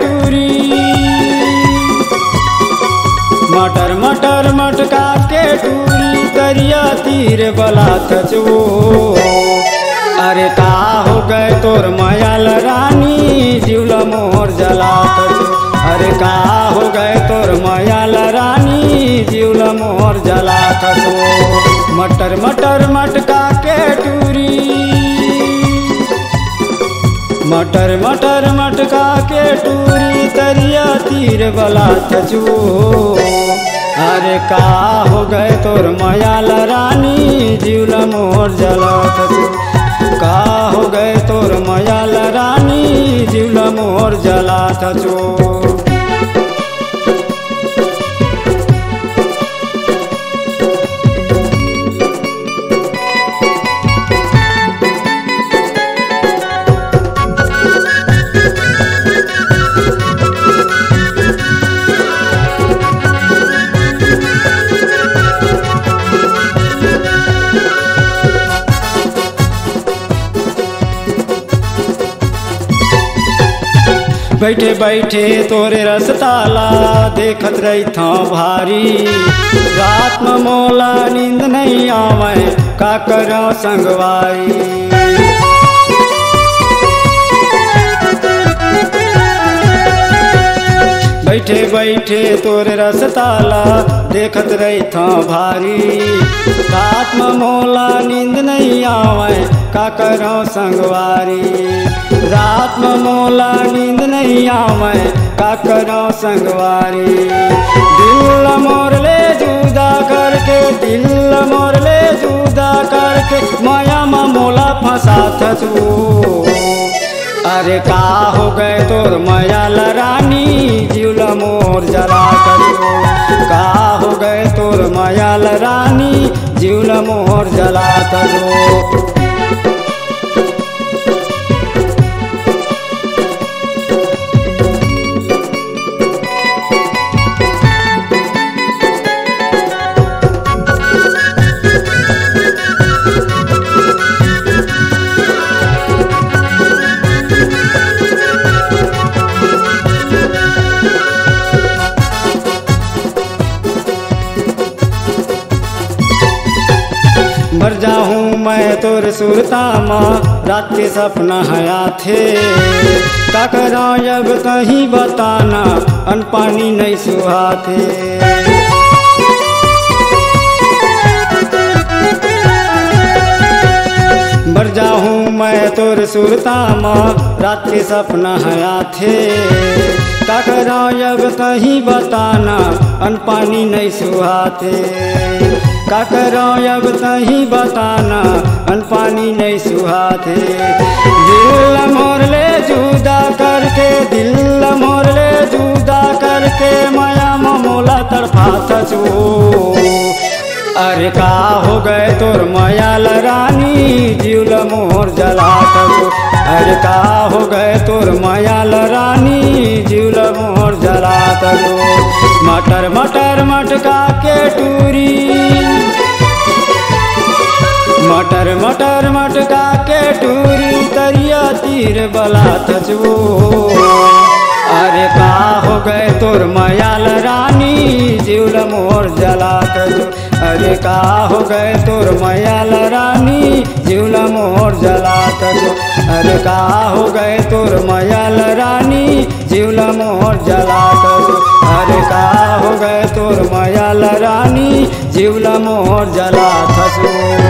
टूरी मटर मटर मटका के टूरी करिया तीर बला थचवो अरे का हो गए तोर मयाल रानी जीवल मोर जला थचो अरे का हो गए तोर मयाल रानी जीवल मोर जला थचो मटर मटर मटका के टूरी मटर मटर मटका के टूरी तरिया तीर वाला तजू अरे का हो गए तोर मयाल रानी जीवल मोर जला थचू का हो गए तोर मयाल रानी जीवल मोर जला थचू बैठे बैठे तोरे रसताला देखत रही था भारी रात में मोला नींद नहीं आवे का कर संगवारी बैठे बैठे तोरे रसताला देखत रही था भारी रात में मोला नींद नहीं आवे का कर संगवारी रात में मोला नींद नहीं दुनिया में का करो संगवारी दिल मोर ले जुदा करके दिल मोर ले जुदा करके माया मोला फंसा तू अरे का हो गए तोर माया लरानी जिल मोर जला करो का हो गए तोर माया लरानी जिल मोर जला करो मर जाऊं मैं तो सुरता माँ रात सपना हया थे ककरा जब कहीं बताना अनपानी नहीं सुहा थे मर जाऊं मैं तो सुरता माँ रात सपना हया थे ककरा जब कहीं बताना अनपानी नहीं सुहा थे का करो अब सही बताना अन पानी नहीं थे दिल मोर ले जुदा करके दिल मोर ले जुदा करके माया मोला तड़फाता चो अरे का हो गए तोर मयाल रानी जीवल मोर जलात अरे का हो गए तोर मयाल रानी जीवल मोर जलात मटर मटर मटका के टूरी मटर मटर मटका के टूरी तरिया तीर बला तचबो गए तोर मयाल रानी जीवल मोर जला जो अरे का हो गए तोर मयाल रानी जीवल मोर जला जो अरे का हो गए तोर मयाल रानी जीवल मोर जला जो अरे का हो गए तोर मयाल रानी जीवल मोर जला जो